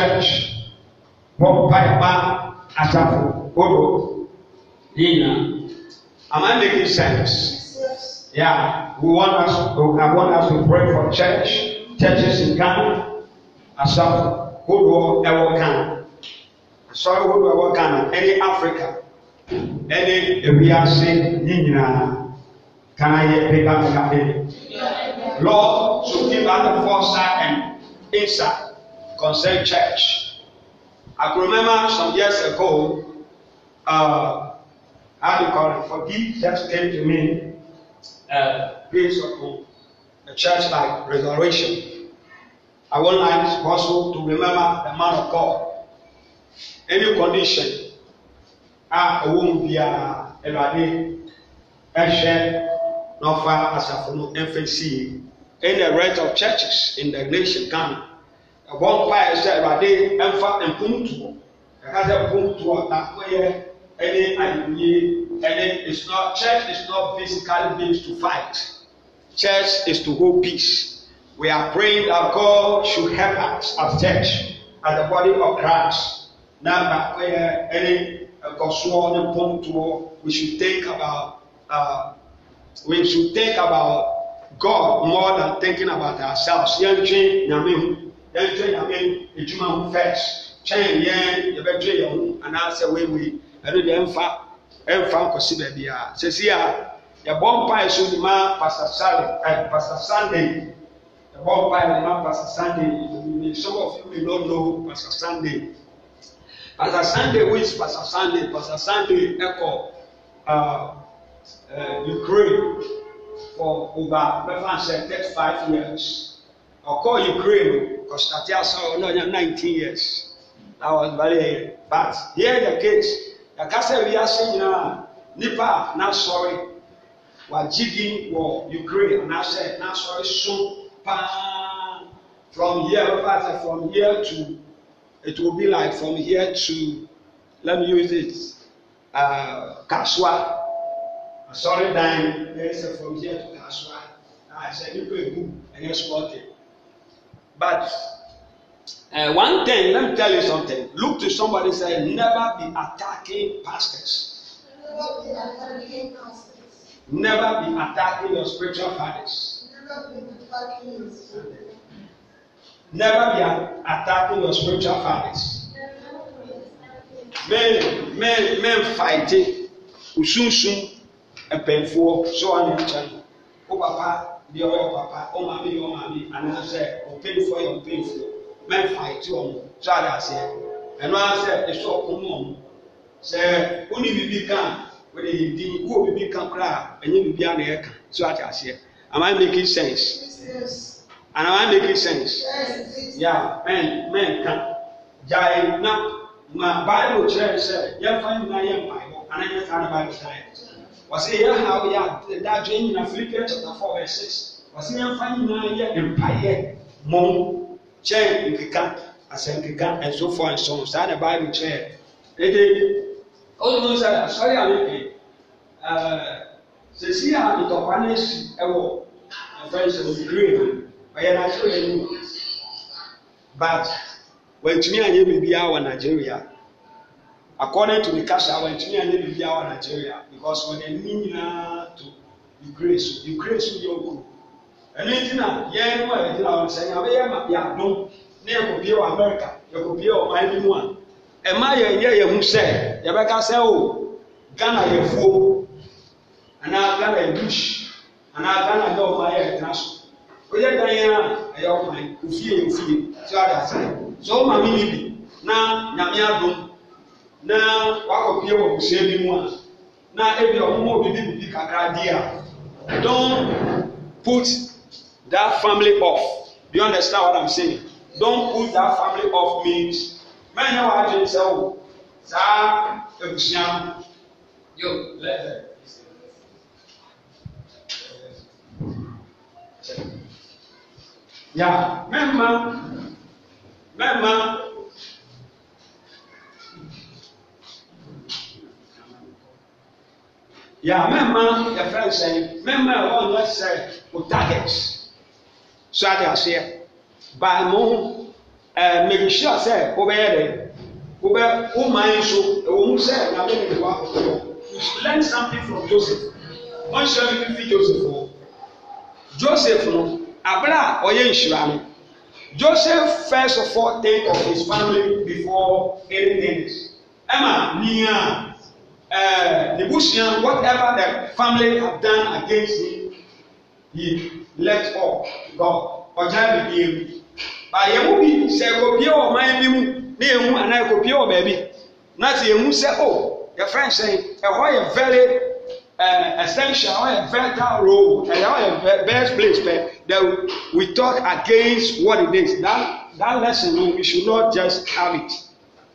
church wɔmpaeba asafo odo yina am i making sense yeah we want us to i want us to pray for church churches in ghana asafo odo ɛwɔ ghana asɔre odo ɛwɔ ghana ɛne africa ɛne ewiase ne nyinaa can i hear paper paper paper lord to give us the foresight and insight concerned church. I can remember some years ago, uh, how do you call it? Forgive just came to me, uh, based upon a church like Resurrection. I want like gospel to remember the man of God. Any condition, ah, a owó biara Ẹlọ́adé ẹ̀ṣẹ́ n'ọ̀fà àṣàfùnú ẹ̀fẹ̀ sí i in the rest of churches in the nation Ghana ɛbɔ mpa yɛ sɛ ɛwade ɛnfa mpuntuo ɛka sɛ mpuntuo n'akoyɛ ɛne ayɛwie ɛne it's not church is not physical means to fight church is to hold peace we are praying that God should help us as church as the body of Christ na n'akoyɛ ɛne nkɔsoɔ ne mpuntuo we should think about uh, we should think about God more than thinking about ourselves yɛn twe nyame ho yɛntwɛ nyame adwuma ho first twɛn yɛn yɛbɛtwe yɛn ho anaasɛ weiwei ɛno deɛ ɛmfa ɛmfa nkɔsi baabi a sɛsi a yɛbɔ mpae so nyima pastor sale ɛɛ eh, pastor sunday yɛbɔ mpae nyima pastor sunday some of you may not know pastor sunday pastor sunday who is pastor sunday pastor sunday ɛkɔ uh, uh, ukraine for over mɛfa nsɛ thirty five years ɔkɔ ukraine. Constantine Asoro Olonyan, 19 years. I was very bad. Here the case, the castle we are seeing now, nipa na sɔre wagye din wɔ ukraine anaasɛ na sɔre so paa from here over from here to it will be like from here to let me use it uh, kasuwa asɔre dan ɛyɛ sɛ from here to kasuwa na ɛsɛ nipa egu ɛyɛ small thing. But uh, one thing, let me tell you something. Look to somebody say, never be attacking pastors. Never be attacking, pastors. Never be attacking your spiritual fathers. Never be attacking your spiritual fathers. Never be attacking your spiritual fathers. Men, men, men fighting. Usunsun, a painful, so on your channel. Oh, Papa, deɛ ɔyɛ papa ɔmaame yɛ ɔmaame anaasɛ ɔpɛnfoɔ yɛ ɔpɛnfoɔ mɛnfa ɛti wɔn so ada aseɛ ɛno ara sɛ ɛsɛ ɔko sɛ ɔne bibi kan wɔde yɛ din wɔ bibi kan koraa ɛnyɛ bibi ana yɛ ka so ada aseɛ am i making sense and am i making sense ya mɛn mɛn kan gyae na ma baibul kyerɛ sɛ yɛn fa nyinaa yɛ mpaebɔ anaa yɛ saa na baibul kyerɛ wɔsi yɛ ha yɛ adadwe nyina Philippians chapter four verse six wɔsi yɛn fa nyinaa yɛ mpaeɛ mɔm kyɛn nkeka asɛnkeka nsofo nson saa na baabi kyerɛ ede ɔno sɛ asɔre a meke ɛɛ eh, sisi a ntɔkwa no esi ɛwɔ ɛfɛnsɛn green ɔyɛ n'ahyɛ ɔyɛ nu but wɔntumi anyɛ biribiara wɔ Nigeria according to the cash our engineer ne bibi our nigeria because wọn need nyinaa to ukraine so ukraine so yẹ oku ẹni gyina yẹn mu a yẹ gyina wọn sẹ ẹni abẹ yẹ ma yẹ adum ne yẹ kọ bie wọ america yẹ kọ bie wọ ọman bi mu a ẹma yẹ yẹ yẹ mu sẹ yẹ bẹ ka sẹ o ghana yẹ fuo anaa ghana yẹ bush anaa ghana yẹ ọman yẹ ẹtena so oyẹ dan yẹn a ẹyẹ ọman ofie ofie tí wàá dà sẹ so ọmọ oh, mi ni bi na nyame adum na wakɔpie wɔ busua bi mu a na ebi ɔmo obi bi bibi kakra di a don put that family off do you understand what i'm saying don put that family off means mẹ́rin náà wàá dùn sẹ́wọ̀ saa ebusua yo, lẹ́fẹ̀ẹ́. yà mẹ́ẹ̀ma mẹ́ẹ̀ma. yà mẹ́ẹ̀mà yẹfẹ́ nsẹ́yìn eh, mẹ́ẹ̀mà ẹ̀wọ́ ọ̀nà ẹ̀sẹ̀ o eh, target so adi aseɛ baa mo ho ɛɛ mɛgyehyia sɛ wobɛyɛ dɛ wobɛ wo man so ɛwɔ mu sɛ nyame ne wa wɔ learn something from joseph wɔn hyɛ mi fi joseph wɔ joseph no abere a ɔyɛ nhyira no joseph first of all think of his family before anything else ɛma nia uh, Nebuchadnezzar, whatever the family have done against him, he let off God. Ọjà bìbí emu. Bàyẹ̀wò bi sẹ̀ kòpie wọ̀ ọ̀man bi mu ní ehu àná kòpie wọ̀ bẹ̀ẹ̀bi. Nàti ehu sẹ́ o, oh, yẹ fẹ́n sẹ́yìn, ẹ̀họ́ yẹ very uh, essential, ẹ̀họ́ yẹ vital role, ẹ̀họ́ yẹ best place pẹ̀ that we talk against what it is. That that lesson we should not just have it.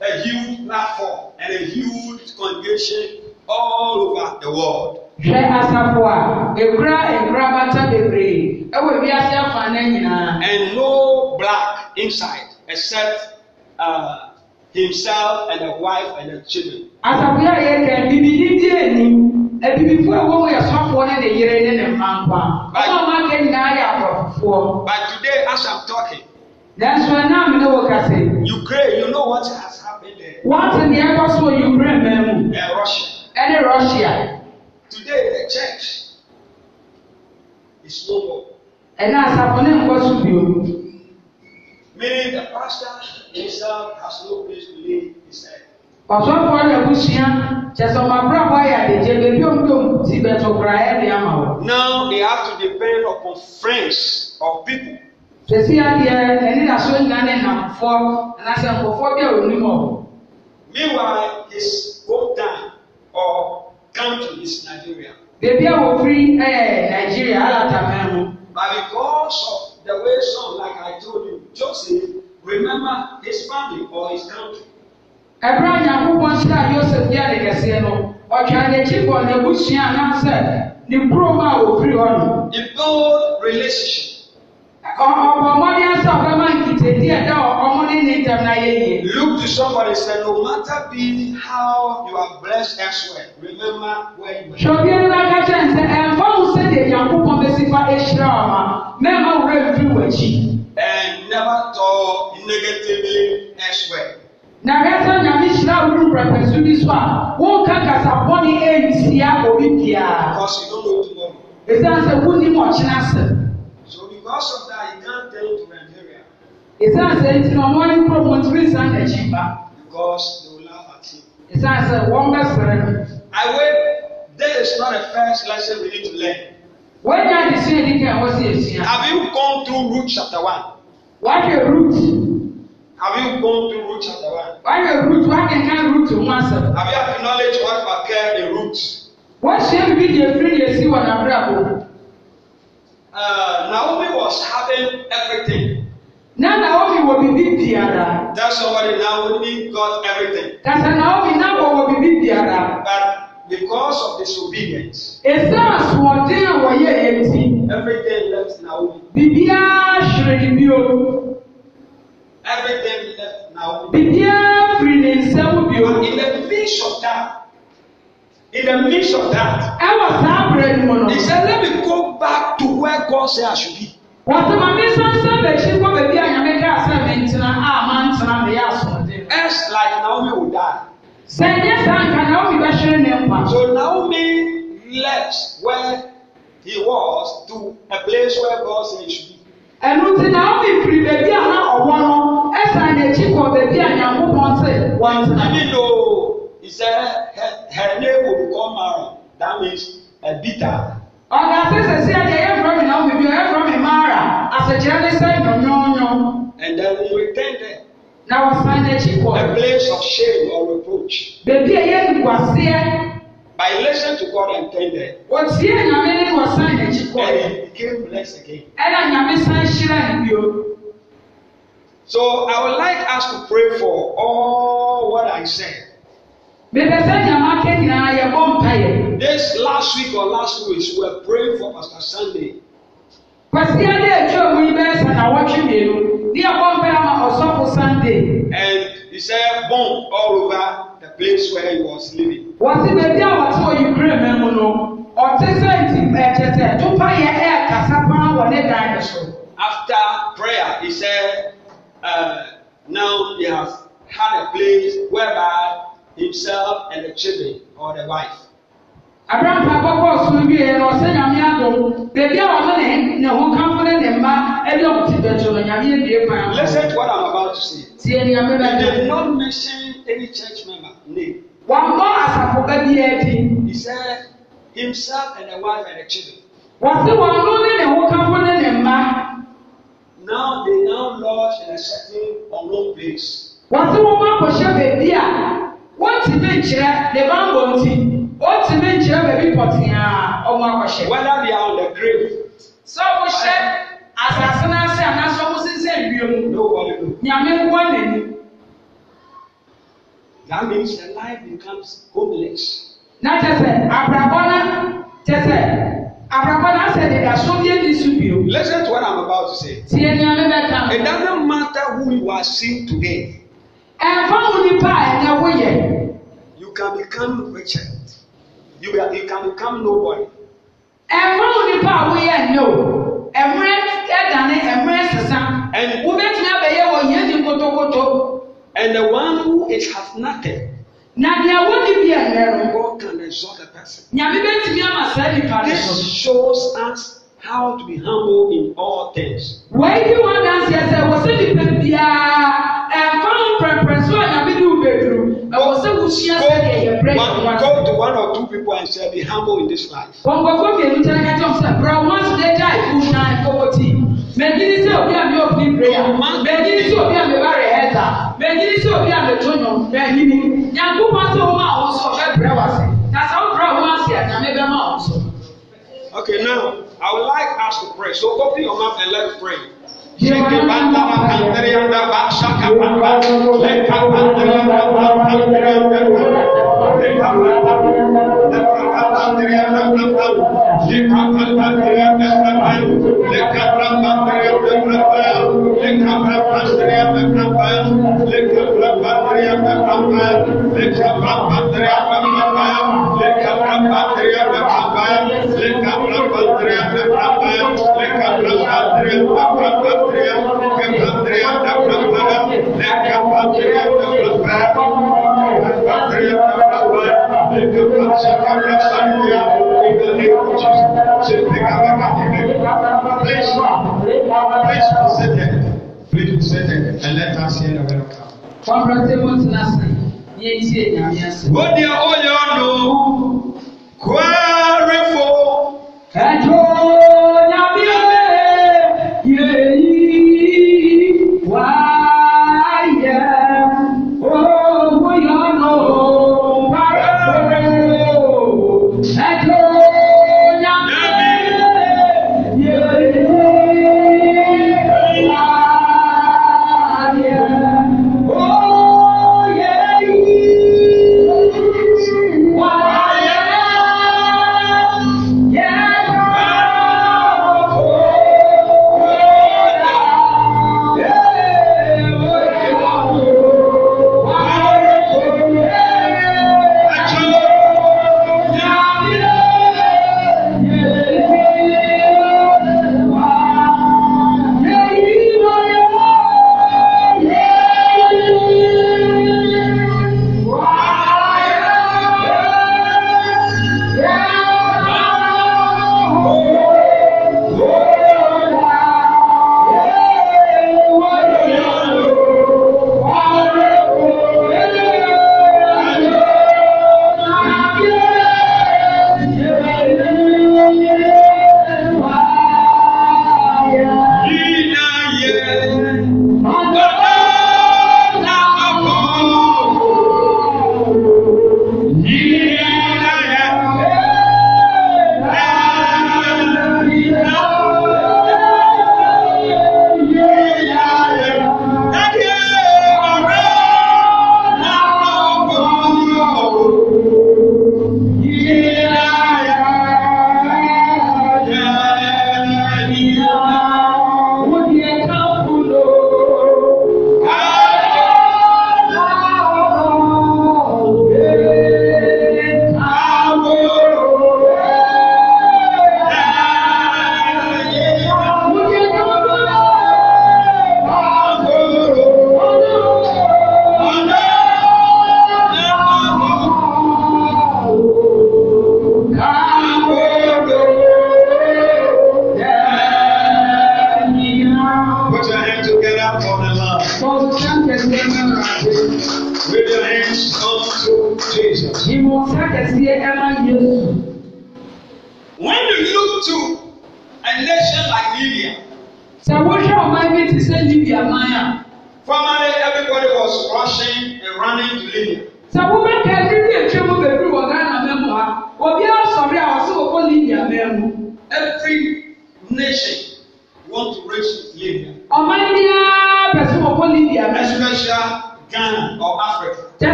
a huge platform and a huge congregation all over the world. hwɛ asafo a ekura ekura bata bebree ɛwɔ wiase afa ne nyinaa. and no black inside except uh, himself and the wife and the children. asafo yɛ yɛ kɛ bibidi di anim ebibifo a wɔn yɛ sɔfoɔ ne ne yere ne ne mma nkwa wɔn a wɔn aka nyinaa yɛ aborɔfofoɔ. but today as i'm talking. nanso ɛnam ne wɔ kase. ukraine you know what has happened. What in the echo so you bring them? Russia. Any Russia. Today the church is no more. And as upon them was you. Meaning the pastor himself has no place to live inside. Ọ̀sọ́fọ̀ ọ̀nà ẹ̀kúsíá ṣẹ̀sọ̀mọ̀ àbúràbọ̀ ayé àdèjẹ́ bẹ̀bí òǹdòm ti bẹ̀tọ̀ kura ẹ̀ ní àmà wọ̀. Now they have to depend upon friends or people. Ṣèṣí adìẹ ẹni àṣọ ìgbà ní ìnàkùfọ́ ẹ̀nà ṣẹ̀ǹkọ̀fọ́ bí ẹ̀rọ onímọ̀ meanwhile his hometown or country is Nigeria. Bèbí a wòfin ẹ̀ Nàìjíríà alátàmẹ́ mu. But because of the way some like I told you, Joseph remember his family or his country. Ẹ̀bùrọ̀ ànyàkùbọ̀n sí à Joseph ní àdìgẹ̀sẹ̀ nù, ọ̀twa n'ekyi bọ̀ n'ebusua náà sẹ̀, ní búrò mu a wòfin hɔ nù. The old relationship. Look to somebody and say, No matter be how you are blessed elsewhere, remember where you were. And never talk negatively elsewhere. na kasa nyame hyira wuru mprɛpɛso bi so a wonka kasa bɔne ɛntia obi biara ɛsiane sɛ wonim ɔkyena sɛ Esan sɛ nti na ɔmo ayɛ kuro wɔn tiri nsa n'akyi ba. Because they will laugh at him. Esan sɛ wɔn bɛ sere I wait there is not a first lesson we need to learn. Wọ́n yà á dìsí ẹ̀dí kan wọ́n sì èsì. Have you gone through root chapter one? Wáyé root. Have you gone through root chapter one? Wáyé root wá kankan root wọn asẹ. Have you acknowledged what occurred the root? Wọ́n ṣe é bí di efiri di esi wọn abúlé àbò. Naomi was having everything na Naomi wɔ bibi biara. That somebody now Naomi got everything. Tata Naomi na wɔ bibi biara. But because of disobedience. Esa asoɔden a wɔyɛ eti. Everything left Naomi. Bibiara hyerɛn bio. Everything left Naomi. Bibiara firi ne nsam bio. In the midst of that. In the midst of that. Ɛwɔ saa abirɛ ni mu no. He said let me go back to where God say I should be wɔte maame sansan n'akyi kɔ baabi a nyame kaa sɛ mɛntena a mantena meyɛ asoɔden ɛs like naomi would die sɛ ɛnyɛ saa nka naomi bɛhwere ne nkwa so naomi left where he was to a place where god say he should be ɛnu ti naomi firi baabi a na ɔwɔ no ɛsan n'akyi kɔ baabi a nyankopɔn sɛ wɔntena mi no he said her, her name will become mary that means a bitter ọ̀gáṣẹ́ sẹ̀sí ẹ̀dẹ̀ ẹ̀yẹ́ fúnra mi náà bíbí ẹ̀yẹ́ fúnra mi máa rà àṣẹ̀kyerẹ́ ní sẹ́ nyọ̀nyọ̀nyọ̀. And then we return there. Na wọ́n san n'ekyi kọ. A place of shame or reproach. Bèbí ẹ̀yẹ́ nkwasiẹ́. By listening to God and thank them. Wọ́n ti yẹ nyàmé ní wọ́n san n'ekyi kọ. And he became blessed again. Ẹ̀nà nyàmé san ṣíra ìbíò. So I would like us to pray for all what I said. Bẹ̀bẹ̀sẹ̀ ni àwọn akéde náà yẹ bọ́ mpa yẹ. This last week or last week we were praying for Pastor Sunday. Kwasi adé ẹ̀jọ́ òun yìí bẹ́ẹ̀ sàn àwọ̀tí mìíràn ní ẹ̀bọ́ mpa yà máa ọ̀sọ́fọ̀ Sunday. And he said bomb all over the place where he was living. Wọ́n ti bẹ̀bí àwọn tí wọ́n yìí bírè mẹ́mu nù. Ọ̀tí sẹ́ǹtì ẹ̀jẹ̀sẹ̀ ẹ̀dúpá yẹ ẹ̀ kàsá pọ́n wọ̀ ní dáadé so. After prayer he said uh, now he has had a place whereby himself and the children or the wife. Abraham akɔkɔ ɔsoro bi yɛ ɔsɛ nyame adom beebi a ɔno ne ne ho kanfo ne ne mma ɛbi ɔkuti bɛtɔ no nyame ebie pan. Listen to what I'm about to say. Tie ni ame bɛ They did not mention any church member name. Wɔn bɔ asafo bɛ bi ɛdi. He said himself and the wife and the children. Wɔsi wɔn no ne ne ho kanfo ne ne mma. Now they now lodge in a certain unknown place. Wɔsi wɔn akɔhyɛ beebi a wotumi nkyerɛ ne bambɔ nti wotumi nkyerɛ baabi pɔtea ɔmo akɔhyɛ. whether they are on the grave. sɛ ɔmo hyɛ asase n'ase anaasɛ ɔmo sisɛ wiem. no one know. nyame nkwa n'ani. that means the life becomes homeless. na kyerɛ sɛ abrabɔ na kyerɛ sɛ. Listen to what I'm about to say. It doesn't matter who you are seeing today ẹ̀fọ́ nípa ẹ̀ na wọ́n yẹ. you can become rich, you, you can become nobody. ẹ̀fọ́ wo nípa àwọn yẹ ẹ̀ no ẹ̀múrẹ́ ẹ̀dání ẹ̀múrẹ́ sísan. and wọ́n bẹ́ẹ̀ tún abẹ́yẹ wọ yẹn ní kótókótó. and the one who it has nothing. na deɛ wɔde bi ɛnɛrɛ. God can exalt a person. nyame bɛ ti bi ama saa nipa de this shows us how to be humble in all things. wọ́n yí wọn dansi ẹsẹ̀ wọ́n sẹ́ nípa bíyà mprɛnso a nyame de wo beduru ɛwɔ sɛ wohyia sɛdeɛ yɛbrɛ yɛwa go to one or two people and say be humble in this life. wɔnkɔfo mmienu kyerɛ ka kyɛm sɛ bra once they die full time poverty mɛnyini sɛ obi a mi opi prayer mɛnyini sɛ obi a mi ba rehearsa mɛnyini sɛ obi a mi to nyɔm mɛnyini nyanko pa sɛ wɔn a wɔn so ɔbɛ brɛ wa se na sɛ wɔn brɛ wɔn ase a nyame bɛ ma wɔn so. okay now i would like us to pray so open your mouth and let's pray. Kirikibanda bakandriyanda bakshakapanda lekapandriyanda bakandriyanda Thank you. What do you all know? Quarry for.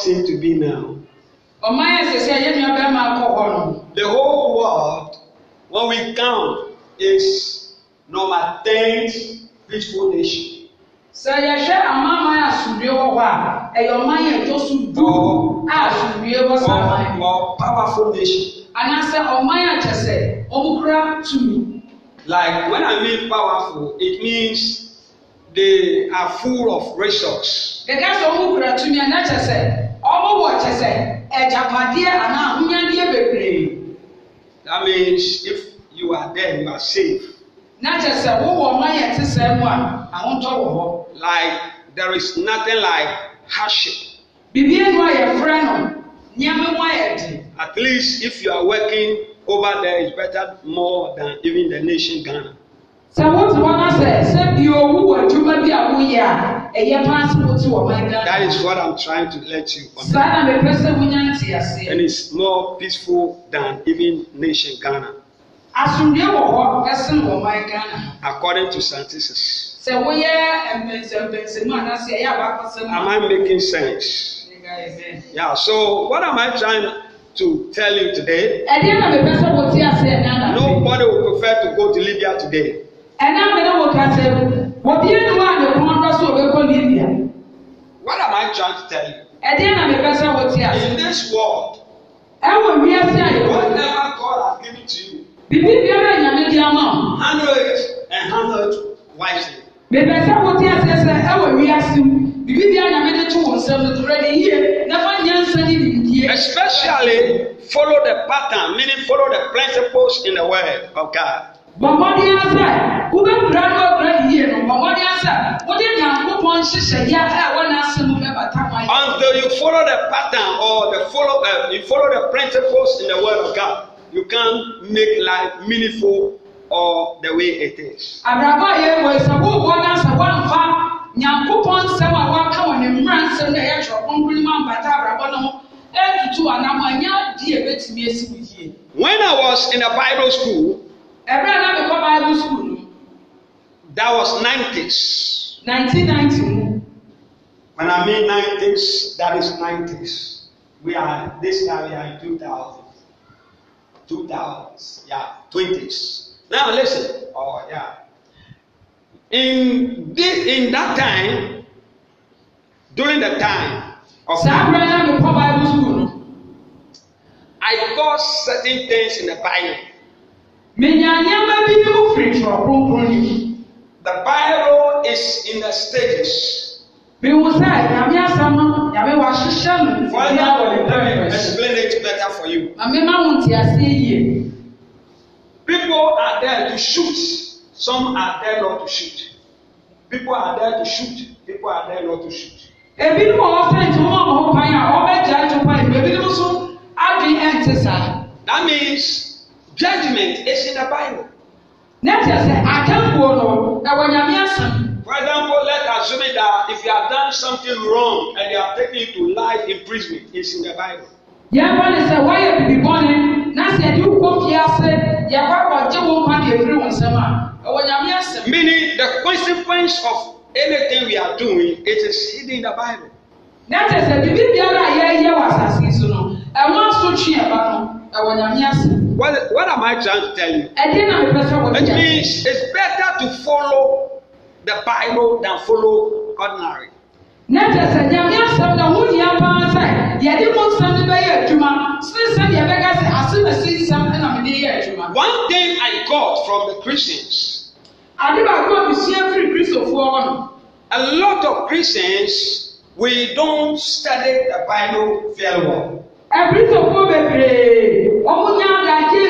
seem to be now. Ọ̀man yẹn sẹ̀sẹ̀ yẹn ni ọbẹ̀ máa kọ̀ họ́ nù. The whole world, when we count, is number ten peaceful nation. Sẹ yẹ hwẹ amanman asundue wọ hɔ a, ɛyɛ ɔman yɛn tó so du a asundue wɔ sá man. powerful nation. Anaasɛ ɔman yɛn akyɛ sɛ ɔmo kura tumi. Like when I mean powerful, it means they are full of resources. Gẹ́gẹ́ sọ ɔmo kura tumi ẹ̀ n'akyɛ sɛ ọmọ wọ kyẹ sẹ ẹjapadeɛ anaa bebree. that means if you are there you are safe. na kyẹ wọwọ ọmọ yẹn ti sẹ mu a ahotɔ wɔ hɔ. like there is nothing like hardship. bibi enu a yɛfrɛ no nneɛma mu ayɛ di. at least if you are working over there is better more than even the nation Ghana sɛ wotu hɔ na sɛ sɛ bi owu wɔ adwuma bi a woyɛ a ɛyɛ paa sɛ wotu wɔ that is what i'm trying to let you understand. saa na mepɛ sɛ wonya nti aseɛ. and it's more peaceful than even nation ghana. asundue wɔ hɔ ɛsen ɔman ghana. according to scientists. sɛ woyɛ mpɛnsɛmpɛnsɛmu anaasɛ ɛyɛ abakɔsɛm. am i making sense. yeah so what am i trying to tell you today. nobody would prefer to go to libya today ɛna mene wo ka sɛ wɔbia ne hɔ a ne kɔn bɛ so wɔbɛkɔ libia What am I trying to tell you? ɛdeɛ na mepɛ sɛ wote ase In this world, ɛwɔ wiase a whatever God has given to you, biribi biara nyame de ama wo handle hundred and handle it wisely. mepɛ sɛ wote ase sɛ ɛwɔ wiase mu biribi biara nyame de to wo nsɛm no torɛ ne yie na fa nyansa ne nimdie Especially follow the pattern, meaning follow the principles in the word of God bɔmmɔde ara sɛ wobɛpira no abira yie no bɔmmɔde ara sɛ wode nyankopɔn nhyehyɛeɛ a ɛwɔ n'asɛm bɛbata ma yɛ until you follow the pattern or the follow uh, you follow the principles in the word of God you can make life meaningful or the way it is. àdàbà yẹ wọ ìsàwọ òwò náà sàwọ nfa nyankopɔn nsɛm a waka wɔ ne mmira nsɛm na ɛyɛ twerɛ kɔnkɔn mu ambata abrabɔ no ho e ɛtutu anam anya di ebetumi esi mu yie. when i was in a bible school ɛbɛrɛ na mi kɔ bible school no. that was nineties. nineteen ninety mu. when i mean nineties that is nineties we are this year we are in two thousand two thousands yeah twenties now listen oh yeah in this in that time during the time of. saa abirɛ mi kɔ bible school no. i got certain things in the bible. The Bible is in the stages. Bihu sɛ Nyame asɛm no Nyame wahyehyɛ no. Father will never explain it better for you. Maame ma wo nti ase yie. People are there to shoot. Some are there not to shoot. People are there to shoot. People are there not to shoot. Ebinom a wɔfɛn ti wɔn a wɔn pan a wɔbɛgya ti pan ebinom nso adi ɛnti saa. That means judgment is in the bible. n'ekyɛ sɛ akankuo no ɛwɔ nyame asɛm. for example let us assume that if you have done something wrong and you are taken to life imprisonment it's in the bible. yẹn bá ní sẹ wáyé bìbí bọ́ni náà sẹ ẹni wúkọ fi ase yẹ bá wà jẹ wọn kwan yẹ firi wọn sẹm a ẹwọ nyame asɛm. meaning the consequence of anything we are doing it is hidden in the bible. n'ekyɛ sɛ bìbí biara a yɛ yɛ wɔ asase yi so no ɛwọn asotwi ɛba no ɛwɔ nyame asɛm. What, am I trying to tell you? It means it's better to follow the Bible than follow ordinary. na kyerɛ sɛ nyame asɛm na ho nia paa sɛ yɛde mo nsɛm no bɛyɛ adwuma sene sɛ deɛ bɛka sɛ ase na se nsɛm na mede yɛ adwuma one thing i got from the christians ade baako a mesua firi kristofoɔ hɔ no a lot of christians we don't study the bible very well akristofoɔ bebree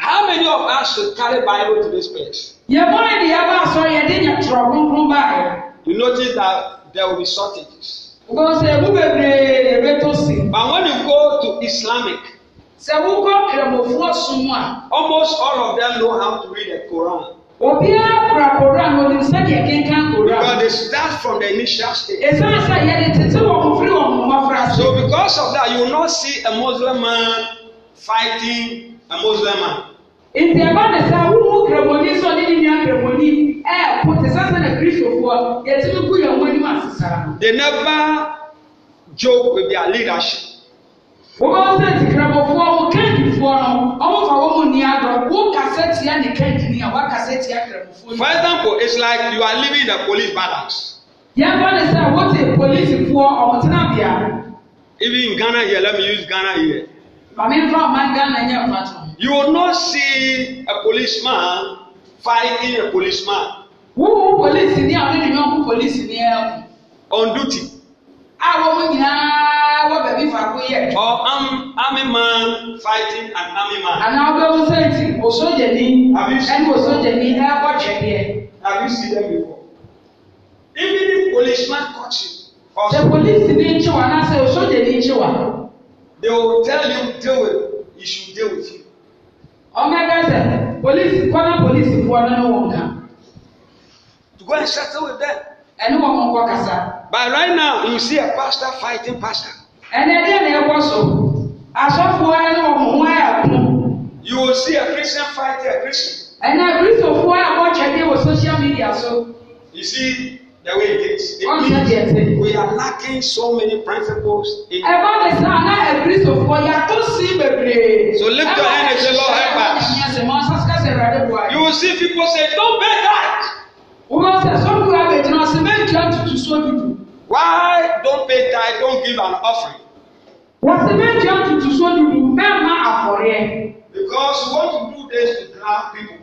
How many of us should carry Bible to this place? Yẹ̀bọ́ ni di aṣọ yẹ̀ dín yẹ̀ tọ̀rọ̀ kúnkún báyìí. You notice that there will be shortages. Because ẹ̀bú bèbèrè ẹ̀bẹ̀ tó sì. But when you go to Islamic. Sẹ̀wú kọ́ kìrẹ̀mọ̀fú ọ̀sùnmù à. Almost all of them know how to read the Quran. Òbí àkùrà Quran ló ní sẹ́kì kíkà Quran. Because they start from the initial stage. Èsì àṣà yẹn ni tètè wọ̀ kún fún ìwọ̀n mọ̀ fúra So because of that you will not see a Muslim man fighting amosilama. nti ɛba ne sɛ wohu kremoni sɛ ɔne ne nua kremoni ɛɛko te sɛ sɛ na kristofoɔ yɛtumi gu yɛn ho anim ase saa. they never joke with their leadership. wọ́n sẹ́ ti kremọfoɔ wọ́n kẹ́ndìfoɔ no wọ́n fa wọ́n ní adọ wọ́n kasa tia ne kẹ́ndìní a wọ́n kasa tia kremọfoɔ. for example it's like you are living in a police balance. yẹn bá ne sẹ wọ́n ti polisifoɔ ọ̀hún tẹ́nà bíà. even Ghana here let me use Ghana here. Mami nfa ọman Ghana yẹn fa tó. You will not see a policeman fighting a policeman. Wúwo polisi ní àwọn ènìyàn kú polisi ní ẹ̀kún. On duty. Àwọn ọmọ nyinaa wọ bẹ̀bí fàákó yẹ. Or arm army man fighting an army man. Àná ọbẹ̀ wọ́n sẹ́ǹtì òṣòjè ní ẹni òṣòjè ní ẹ̀kọ́ jẹ̀díẹ̀. Have you seen them before? Even if policeman catch you. The police ní ń kí wa náà sẹ́ òṣòjè ní ń They will tell you deal with you should deal with you ɔmɛka sɛ polisi kɔna polisi foɔ no ne wɔn ka. to go and settle with them. ɛne wɔn mo nkɔ kasa. but right now you see a pastor fighting pastor. ɛnɛ deɛ na ɛkɔ so asɔfoɔ ɛne wɔn ho ayɛ ako. you will see a christian fighting a christian. ɛnɛ kristofoɔ a wɔtwɛ deɛ wɔ social media so. you see the way it is. we are lacking so many principles in. Ẹ bá lè sá aná ẹ̀bírí sòfò yàtọ̀ sí bèbèrè. So lift your hand and say Lord help us. You will see people say don't beg that. Wọ́n sẹ̀ sọ́kùnrin àbẹ̀jìnà ọ̀sẹ̀ méjì àtútù sódùdù. Why don't pay tithe, don't give an offering? Wọ́n sẹ̀ méjì àtútù sódùdù mẹ́ẹ̀má àfọ̀rẹ́. Because want to do this to drive people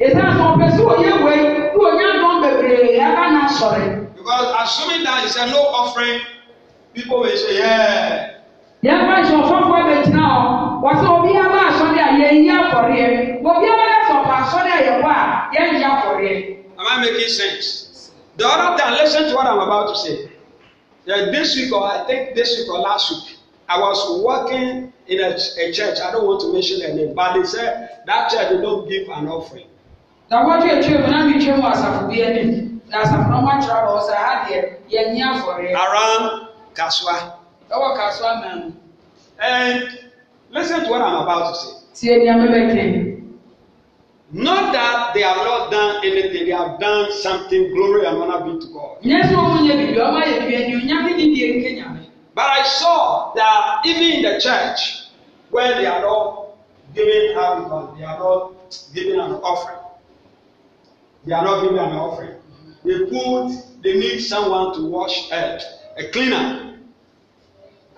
ɛsan sɛ ɔpɛ sɛ ɔyɛ wei ne ɔnya dɔm bebree ɛba na asɔre. because assuming that it's a no offering people will say yeah. yẹn bá ìṣe ọ̀fọ́fọ́ ẹ̀bẹ̀ gyina ọ wọ́n sọ obi yẹn bá asọ́dẹ̀ a yẹn yí afọ̀rẹ́ wọ́n obi yẹn bá yẹn sọ̀kọ̀ asọ́dẹ̀ a yẹn bọ́ a yẹn yí afọ̀rẹ́. Am I making sense? The other time listen to what I'm about to say. Yeah, this week or I think this week or last week I was working in a, a church I don't want to mention her name but they said that church they don't give an offering dawɔtwe atwa mu na metwa mu asafo bi anim na asafo no makyerɛ wɔ sɛ ha deɛ yɛnyɛ afɔre around kasoa ɛwɔ kasoa man mu eh, and listen to what i'm about to say tie nea mebɛke Not that they have not done anything, they have done something glory and honor be to God. But I saw that even in the church, when they are not giving how they are not giving an offering. They are not giving an offering. They put, they need someone to wash it. a cleaner.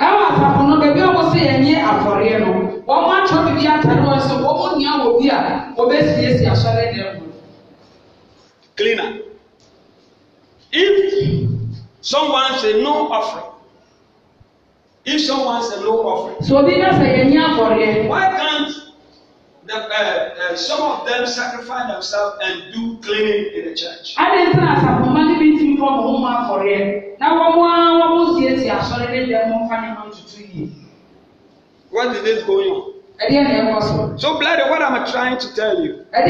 Ɛwɔ asafo no, beebi a wɔsi yɛn nye afɔreɛ no, wɔn atwa bibi atare wɔn so, wɔn nia wɔ bi a wɔbɛsiesie asɔre dɛm ho. Cleaner. If someone say no offering, if someone say no offering. So obi bɛ sɛ yɛn nye afɔreɛ. Why can't The, uh, uh, some of them sacrifice themselves and do cleaning in the church. I tí know àsàkùnmá níbi tí ń fọ́ bọ̀ wọ́n máa fọ̀ rẹ̀. Na wọ́n mú wọ́n mú sí etí àsọ̀rọ̀ more ìdí ẹ̀mọ́ fani máa tutù yìí. What did it go on? Ẹdí ẹ̀ ẹ̀ So bloody what am I trying to tell you? And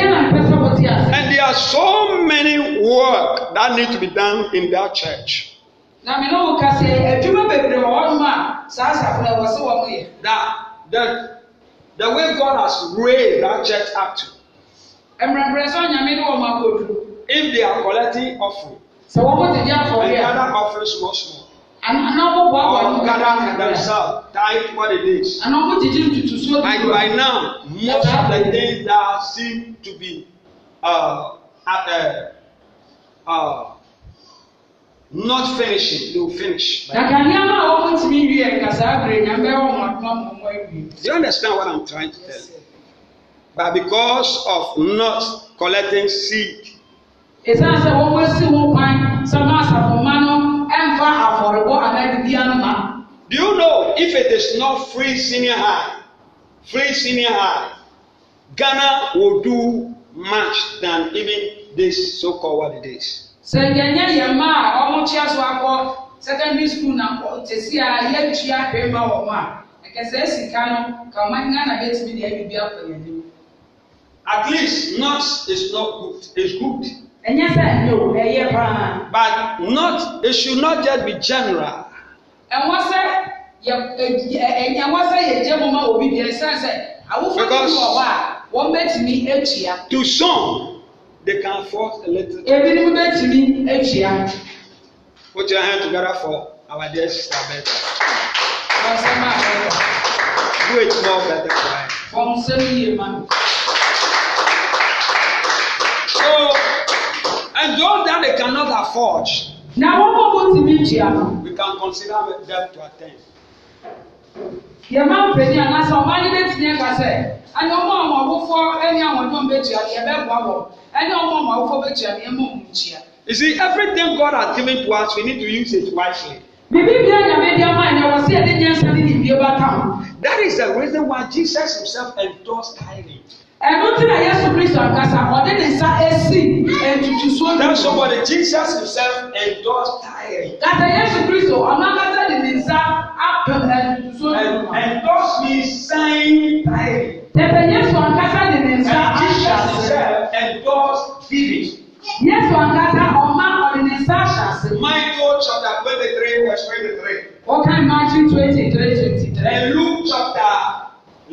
there are so many work that need to be done in that church. Na mi náà wò ká sẹ́, ẹ̀dwuma bèbèrè wọ̀ wọ́n mu a, sàásàfúnà wọ́n sẹ́ wọ́n That that the way God has raised that church up to. If they are collecting offering. so what wɔn ti di afɔre a. They gather offering small small. Anabɔbɔ awɔ no. Or gather themselves type what it is. And what did Anabɔ ti di ntutusuo. And by now most of the things that seem to be uh, uh, uh, not finishing they will finish. Dàgbà ní tí mi wí ẹ̀ kàsá àbẹ̀rẹ̀ yẹn bẹ́ẹ̀ wọ́n mọ̀ àdúrà mọ̀ Do you understand what I'm trying to tell you? But because of not collecting seed. Ìsáà sẹ́ wọ́n wọ́n sí wọn pan sábà àsàfọ̀má náà ẹ̀ ń fa àfọ̀rẹ̀bọ̀ àdáyébí àná. Do you know if it is not free senior high free senior high Ghana will do much than even this so-called what it is. sɛ yɛnyɛ ya mma a wɔkyea so akɔ secondary school na tesi a yɛatwi ahwɛ ma wɔn a ɛkɛsɛ sika no ka wɔn Ghana bɛtumi deɛ ɛbibi akɔ yɛn at least not is not good is good. ɛnyɛ sɛ but not it should not just be general. ɛwɔ sɛ yɛ ɛwɔ e, e, sɛ yɛgye mo ma obi deɛ sɛ sɛ awofo bi wɔ hɔ a wɔn they can force a little. ebinom bɛtumi akyia. put your hand together for our dear sister Betty. wɔnsɛm a ɛyɛ. do it more better for her. wɔnsɛm yie ma. so and those that they cannot afford. na wɔn bɔ bɔ tumi kyia no. we can consider them to attend. yɛ ma mpanyin anaasɛ ɔbaa ni bɛ tiɲɛ kasɛ ɛna ɔmo a wɔn abofoɔ ɛni ahoɔden bɛ kyia yɛ bɛ bɔ awɔ ɛne ɔmo ɔmo awofo bɛtua ne ɛmo ɔmo tia. you see everything God has given to us we need to use it wisely. that is the reason why Jesus himself endorsed tithing. ẹnu Yesu Kristo akasa ọdẹ ne esi ẹtutu so. tell somebody Jesus himself endorsed tithing. kata Yesu Kristo ọ̀nà akasa de ne nsa apẹ̀ ẹtutu so. endorse me sign tithing. Tẹ̀sẹ̀ Yesu ankasa de ne nsa ahyɛ ase. Endorse giving. Yesu ankasa ɔma ɔde ne nsa ahyɛ Michael chapter twenty three verse twenty three. Ɔka Matthew twenty three twenty three. And Luke chapter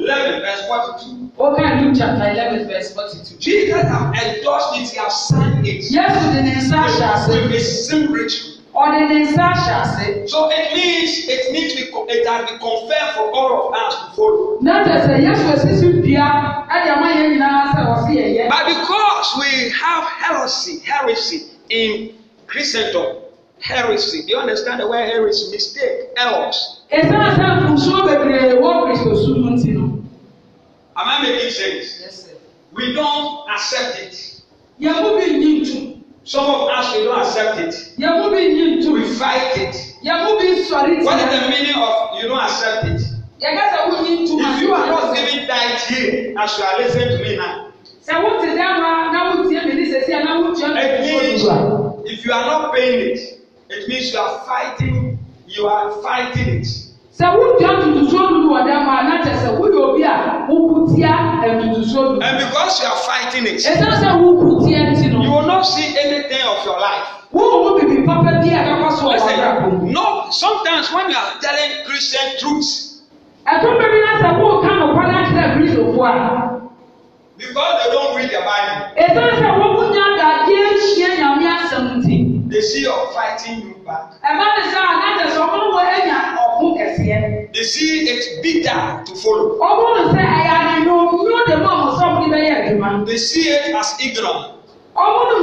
eleven verse forty two. Ɔka Luke chapter eleven verse forty two. Jesus have endorsed it, he has signed it. Yesu de ne nsa ahyɛ ase. With a simple ritual. Ordinances shall say. So it means it means to be it has been confirmed for all of us to follow. Na tẹsẹ̀ Yẹ́sù esisi bia ẹ̀dí àmọ́ yẹn nyinaa sẹ̀ ọ̀sẹ̀ yẹ yẹ. But because we have heresy heresy in Christendom heresy do you understand the word heresy mistake errors. Ẹ̀sán àti àfùsùn bèbèrè wọ́n Kristo sùn ti nù. Am I making sense? Yes sir. We don't accept it. Yẹ́n mú mi yín tún. Some of us we don't accept it. Yẹ̀mú bí yín tu. We fight it. Yẹ̀mú bí sọ̀rí tiẹ̀. What is the meaning of you don't accept it? Yẹ̀gá sẹ́ wọ́n yín tu. If you are not giving tithe here as you are listening to me now. Sẹ́ wọ́n ti dẹ́ wa náà wọ́n tiẹ̀ mi ní sẹ́sí ẹ̀ náà wọ́n tiẹ̀ mi ní sẹ́sí. If you are not paying it, it means you are fighting, you are fighting it sɛ wodua ntutusuo no no wɔ dan a na sɛ woyɛ obi a wokutia ntutusuo no. and because you are fighting it. ɛsan sɛ wokutia ti no. you will not see anything of your life. wọ́n wọ́n bìbí pápá bí àkàkọ́ sọ ọ̀rọ̀ rẹ̀. no sometimes when you are telling christian truths, ẹ̀tọ́ bẹ́ẹ̀ bí lásán kó o ká nù kọ́ láti rẹ̀ bí ìṣòfò à. because they don't read their bible. ẹ̀sán sẹ́ wọ́n kún yàrá yéé ṣe nyàmú àsẹ̀mùtì. they see you fighting you. They see it bitter to follow. They see it as ignorant. Why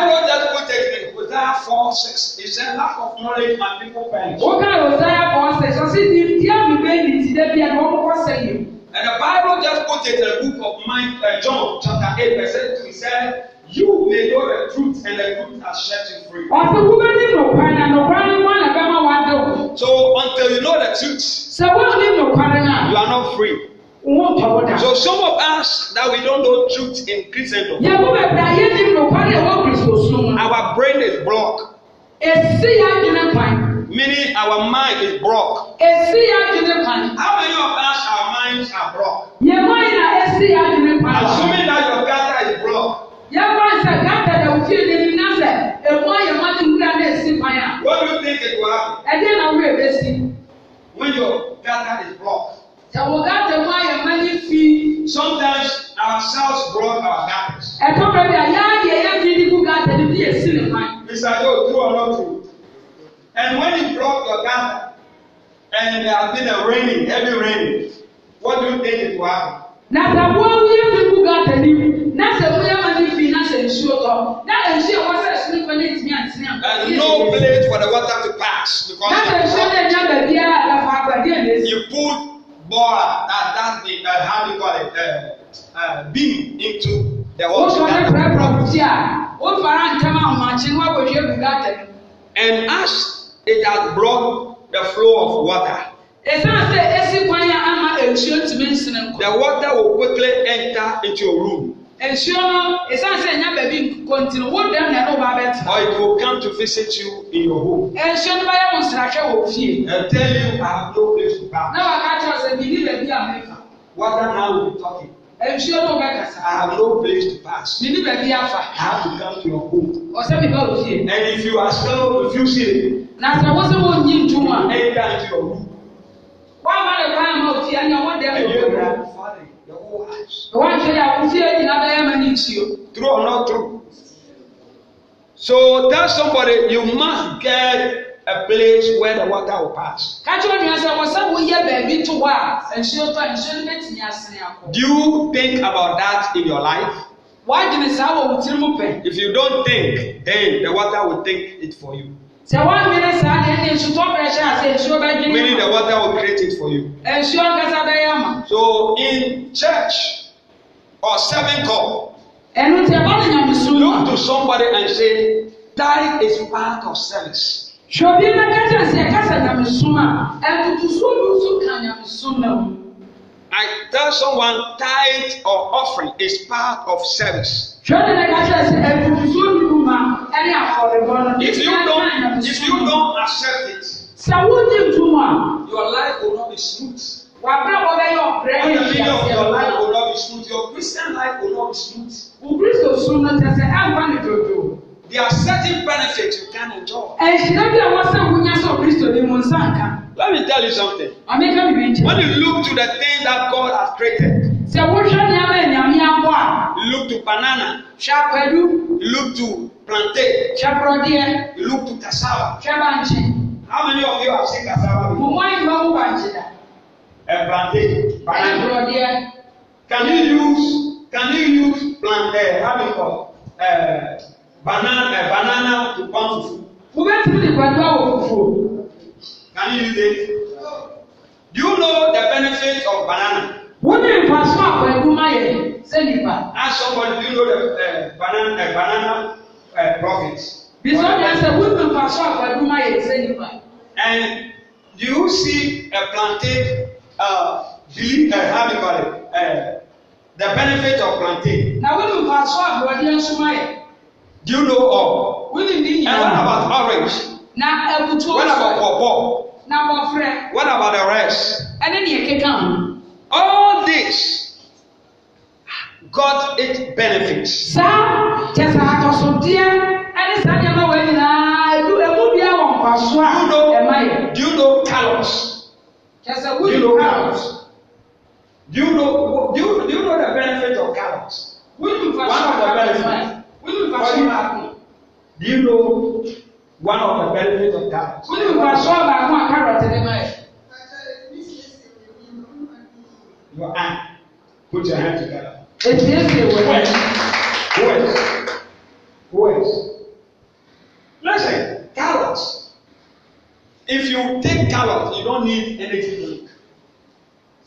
was that good technique? Hosea 4 6. He said, lack of knowledge and people perish. And the Bible just quoted the book of Mike, uh, John chapter 8, verse 2. He said, You may know the truth and the truth has set you free. Ọ̀sẹ̀ wúbẹ́ ní nùkwá náà nùkwá ní wọn nà bẹ́ẹ̀ máa wá dé o. So until you know the truth. Sẹ wọ́n ní nùkwá náà. You are not free. Wọ́n tọ̀ dà. So some of us that we don't know truth in Christendom. Yẹ̀wò bẹ̀rẹ̀ ayé ní nùkwá wọ́n kì í sọ sún. Our brain is blocked. Èsì yà jìnnà pan. Meaning our mind is blocked. Èsì yà jìnnà pan. How many of us our minds are blocked? Yẹ̀wò yìí na èsì yà jìnnà pan. Assuming What do you think it will happen? Ẹ̀dẹ́ náà wúrẹ̀ bẹ́ sí. When your data is blocked. Yàwó gàtẹ̀ mú ayẹ̀ mẹ́lí fi. Sometimes ourselves block our data. Ẹ̀tọ́ bẹ̀rẹ̀ bí ayé ayé yẹn fi ní kú gàtẹ̀ ní bí èsì lè máa. Mr. Joe, true or not true? And when you block your data and there has been a raining, heavy rain, what do you think it will happen? Nàtàwọ́ wíyẹ́ fi kú gàtẹ̀ ní. Nàtàwọ́ yẹ́ mẹ́lí fi hyɛ nsuo tɔ na nsuo wɔ sɛ ɛsoro nipa ne ntumi atene a. and no place for the water to pass. because na nsuo na nya baabi a nafa agbade a n'esi. you put bore that that the uh, how do you call it uh, uh, beam into the water. wosɔn ne pɛrɛpɛrɛ kuti a o fara ntɛm ahomakye ne wabɔ hwɛ egu gata mu. and as it has brought the flow of water. The water will quickly enter into your room. Nsuo no esan sɛ nya baabi kɔnti no wɔn dan na ɛna ɔba abɛtena. Or it will come to visit you in your home. Nsuo no bɛyɛ musrahwɛ wɔ fie. And tell you I have no place to back. Na wa ka kyerɛ sɛ mi ni baabi a What am I we be talking. Nsuo no bɛkasa. I have no place to pass. Mi ni baabi afa. I have to come to your home. Ɔsɛ mi ba wɔ fie. And if you are still refusing. Na sɛ wɔsɛ wɔn nyi ntum a. Enter into your room. Wɔn ama ne kwan ma ofie anya wɔn dan wɔ fie. And you ɛwanhwɛ yɛ akosie nyina bɛyɛ ma ne nsuo true or not true so tell somebody you must get a place where the water will pass. Kájọ́ ni ẹsẹ̀ wọ́n sábà yẹ bẹ̀ẹ̀bi tó wá ẹ̀ṣẹ̀ tó ẹ̀ṣẹ̀ ní bẹ́ẹ̀ tì ní asin akọ. Do you think about that in your life? Wá jìnnì sáwọ̀ òtí mú pẹ̀. If you don't think, then the water will think it for you sɛ wɔnwene saa deɛ ne nsutɔ bɛhyɛ ase nsuo bɛdwene meaning the water will create it for you nsuo nkasa bɛyɛ ama so in church or serving god ɛnu tɛ bɔne nyamusu ma look to somebody and say that is part of service hwɛbi na kasa sɛ kasa nyamusu ma ɛtutusuo bi nso ka nyamusu na mu. I tell someone tithe or offering is part of service. Hwɛbi na kasa sɛ ɛtutusuo bi. If you don't, if you don't accept it, your life will not be smooth. Wàbẹ̀rẹ̀ wọ bẹ yọ ọ̀bẹ̀rẹ̀ yẹn yẹn yẹn. Your life will not be smooth. Your Christian life will not be smooth. Ògùrìsò sun náà ti sẹ́, ẹ̀ wá ní dòdò. There are certain benefits you can enjoy. Ẹ̀ṣinà bí àwọn sẹ́wọ̀n yẹn sọ Kristo ni mo ń sá nǹkan. Let me tell you something. Àmì kan mi bí n jẹ. When you look to the things that God has created. Ṣé wọ́n ṣẹ́ ní look to banana shapedu you look to plantain shaprodeɛ you look to cassava shabanche how many of you have seen cassava before mo wọn yìí wọn banche da ẹ plantain banana shaprodeɛ can you use can you use plantain how do you call eh, banana eh, banana to pound fufu. mo bẹ tún ní pẹ̀lú àwọn fufu. can you use it. do you know the benefits of banana. wọ́n ní ìfàsọ́ àpò ẹ̀dùnmáyé. Say nipa. Ask somebody, do you know the uh, banana, uh, banana uh, profit? Bison yẹn sẹ women paṣọ àgbàdúmá yẹn sẹ nipa. And do you see a plantain uh, believe uh, how do you call it uh, the benefit of plantain. Na women paṣọ àgbàdúmá yẹn súnmọ́ yẹn. Do you know all? Women ni yẹn. And what about orange? Na ẹbutu uh, oṣù. What about pawpaw? Na wọ́n fẹ́. What about the rest? Ẹni ni èké kan. All this got its benefits. Saa kyesa atosodeɛ ɛne saa nneɛma wɔ nyinaa edu emu bia wɔ nkwaso a ɛma yɛ. Do you know calories? Kyesa wo do you know calories? Do you know do you, do you know the benefits of calories? One of the benefits. Do you know one of the benefits of calories? Wọ́n yóò nkwaso baako a carrot ni ma yɛ. Your hand. Put your hand together. Etiesie wɔ wɛs wɛs wɛs. Listen, carrots. If you take carrots, you don't need energy drink.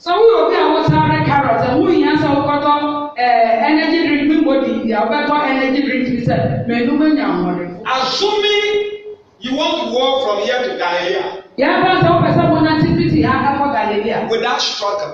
So Sọ wúlò bí àwọn sáré carrots and wúlò yẹn sọ kọ́tọ́ energy drink mímọ́ di ìdí àbẹ́tọ́ energy drink ní sẹ́ mẹ́nu mẹ́nyà wọ̀nyí. Assuming you want to walk from here to yeah, Galilea. Yàrá sọ wọ́n fẹsẹ̀ wọn náà títí ti àkàkọ́ Galilea. Without struggle.